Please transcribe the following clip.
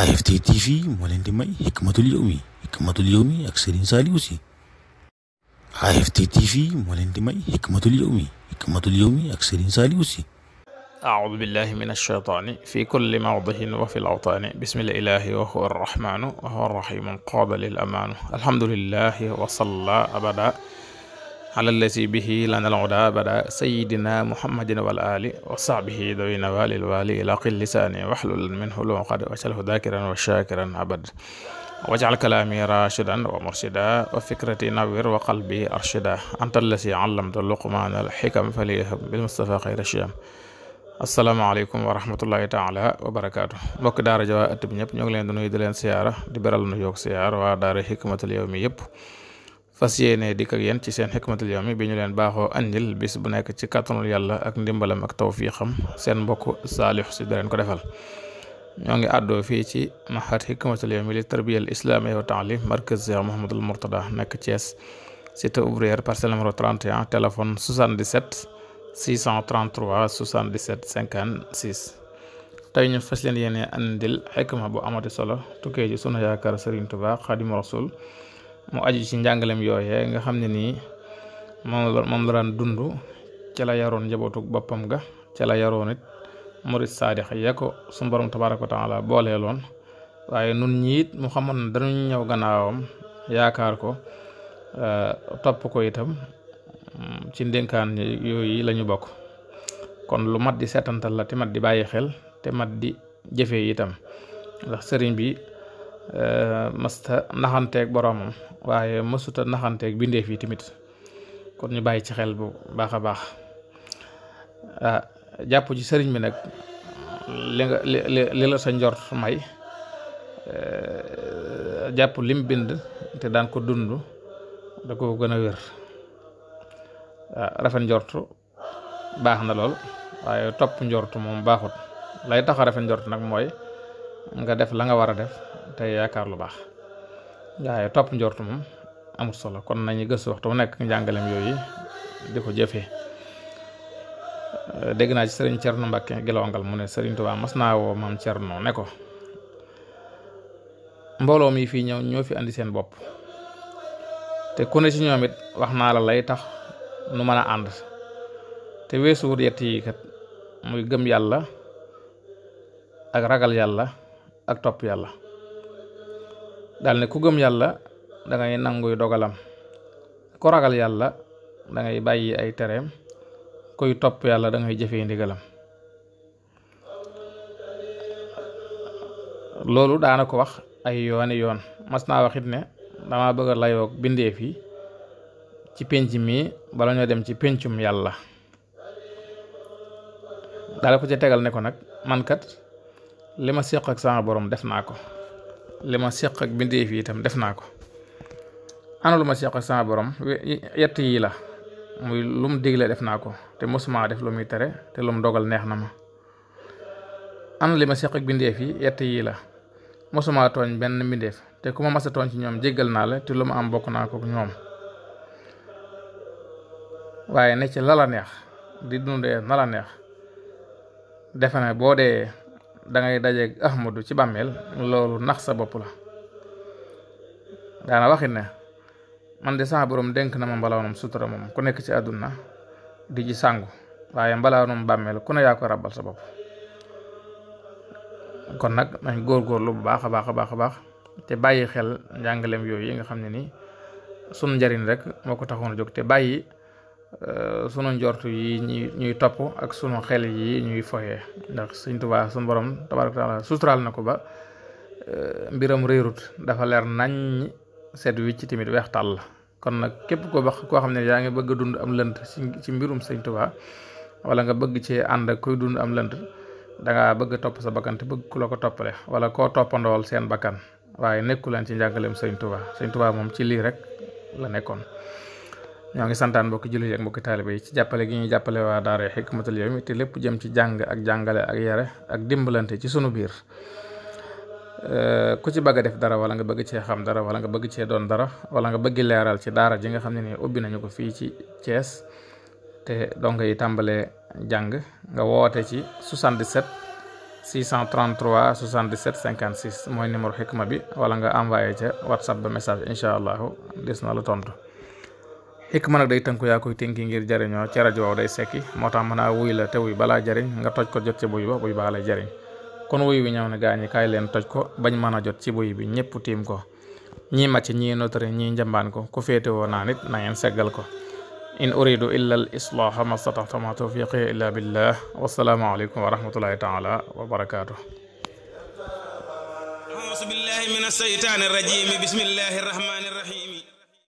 AFT TV moo leen di may Hikmatul Yawmi Hikmatul Yawmi ak Serigne Saliou Sy AFT TV moo leen di may Hikmatul Yawmi Hikmatul Yawmi ak Serigne Saliou Sy أعوذ بالله من الشيطان في كل موضع وفي الأوطان بسم الله وهو الرحمن وهو الرحيم قابل الأمان الحمد لله وصلى أبدا alallasi bihi lanal uda bada sayidina muhammadin wal ali wa sahbihi dawina walil wali laqil lisaani waxlul minhu luqad waj'alhu dakiran wa shakiran abad waj'al kalaami rashidan wa murshida wa fikrati nawwir wa qalbi arshida anta allasi allamta luqmaana al xikam faliyahab bil mustafa xayra shiyam asalaamaaleykum wa rahmatullahi taala wa barakaatu mbokki daara ja waa ëtt bi ñëpp ñoo ngi leen di nuyu di leen siyaara di beral nu yoog siyaar waa daara xikmatul yawmi yëpp fas yéene dikk ak yéen ci seen xikmatul yawmi bi ñu leen baaxoo andil bis bu nekk ci kàttanul yàlla ak ndimbalam ak tawfiixam seen mbokk saalix si da leen ko defal ñoo ngi àddoo fii ci maxat xikmatul yawmi li tarbiyal islaami wa taalim markaz Cheikh Mouhamadul Mourtada nekk Thiès cité ouvrière parcelle numéro 31 téléphone 77 633 77 56 tey ñu fas leen yéene andil xikma bu amati solo tukkee ji sunu yaakaar Serigne Touba Xaadimu Rasuul mu aju ci njàngalem yooyee nga xam ne nii moom la moom la daan dund ca la yaroon njabootu boppam ga ca la yaroon it murit saadix ya ko suñu borom tabaaraka wa taala booleeloon waaye nun ñiit mu xamoon ne dañu ñëw gannaawam yaakaar ko eh, topp ko itam mm, ci ndénkaan yooyu lañu bokk kon lu mat di seetantal la te mat di bàyyi xel te mat di jëfee itam ndax sëriñ bi mësta naxanteeg boroomam waaye mësuta naxanteeg bindeef fii tamit kon ñu bàyyi ci xel bu baax a baax jàpp ci sëriñ bi nag li li la sa njort may jàpp lim bind te daan ko dund da ko gën a wér rafet njortu baax na lool waaye topp njort moom baaxut lay taxa a rafet njort nag mooy nga def la nga war a def tey yaakaar lu baax waaye topp njort moom amul solo kon nañu gëstu waxtu mu nekk njàngaleem yooyu di ko jëfee euh, dégg naa ci sëriñ Cerno Mbàkke Gelongal mu ne sëriñ Tuubaa mas naa woo cer noo ne ko mbooloo mi fii ñëw ñoo fi indi seen bopp te ku ne ci ñoom it wax naa la lay tax nu mën a ànd te weesu wut yett yi kat muy gëm yàlla ak ragal yàlla ak topp yàlla daal ne ku gëm yàlla da ngay nanguy dogalam ku ragal yàlla dangay bàyyi ay tereem kuy topp yàlla da ngay jëfee ndigalam loolu daana ko wax ay yooni yoon mas naa waxit ne dama bëgg a layoog bindeef yi ci pénc mi bala ñoo dem ci péncum yàlla daal ko ci tegal ne ko nag mankat kat li ma séq ak sama boroom def naa ko li ma seq ak bindeef yi itam def naa ko ana lu ma seq ak sama borom yett yi la muy lu mu digle def naa ko te mosuma def lu muy tere te lu mu dogal neex na ma ana li ma seq ak bindeef yi yett yi la mosuma tooñ benn mbindeef te ku ma mas tooñ ci ñoom jéggal naa la te lu ma am bokk naa ko ñoom waaye ne ci neex di dundee na neex defe na boo dee da ngay dajeeg ahmadu ci bàmmeel loolu nax sa bopp la daana waxit ne man de sama borom dénk na ma mbalaanum sutura moom ku nekk ci àdduna di ji sàngu waaye mbalaanum bàmmeel ku ne yaa ko rabal sa bopp kon nag nañ góorgóorlu bu baax a baax a baax a baax te bàyyi xel njàngaleem yooyu yi nga xam ne nii sun njariñ rek moo ko taxoon jóg te bàyyi Euh, sunu njortu yi ñuy topp ak sunu xel yi ñuy foyee ndax sëñ Tuubaa sunu borom tabaaraka taala suturaal na ko ba euh, mbiram réerut dafa leer nañ set wi ci tamit weex tàll la kon nag képp ko wax koo xam ne yaa ngi bëgg a dund am lënt ci mbirum sëñ Tuubaa wala nga bëgg ci ànd ak kuy dund am lënt danga bëgg topp sa bakkan te bëgg ku la ko toppale wala koo toppandool seen bakkan waaye nekku leen ci njàngaleem sëñ Tuubaa sëñ Tuubaa moom ci lii rek la nekkoon ñoo ngi santaan mbokki jullit yi ak mbokki taalibe yi ci jàppale gi ñuy jàppale waa daara Hikmatul Yawmi te lépp jëm ci jàng ak jàngale ak yare ak dimbalante ci sunu biir eh, ku ci bëgg def dara wala nga bëgg cee xam dara wala nga bëgg cee doon dara wala nga bëgg leeral ci daara ji nga xam ne nii ubbi nañu ko fii ci cees te donc yi tàmbalee jàng nga woote ci 77 633 77 56 mooy numéro Hikma bi wala nga envoyé ca WhatsApp ba message incha allahu des na la tontu. xikma nag day tënku yaa koy tënki ngir jariñoo ci rajo waaw day sekki moo tax mën a wuy la te wuy balaa jariñ nga toj ko jot ci buy ba buy baa jariñ kon wuy bi ñëw na gaa ñi kaay leen toj ko bañ mën a jot ci buy bi ñëpp tiim ko ñii màcc ñii notari ñii njambaan ko ku féetewoo naa nit na ngeen seggal ko in uridu illa al islaaha ma stataxta ma tawfiqi illa billah wasalaamu aleykum wa rahmatullahi taala wa barakaatuh auzu billahi min asheytaani rajim bismillahi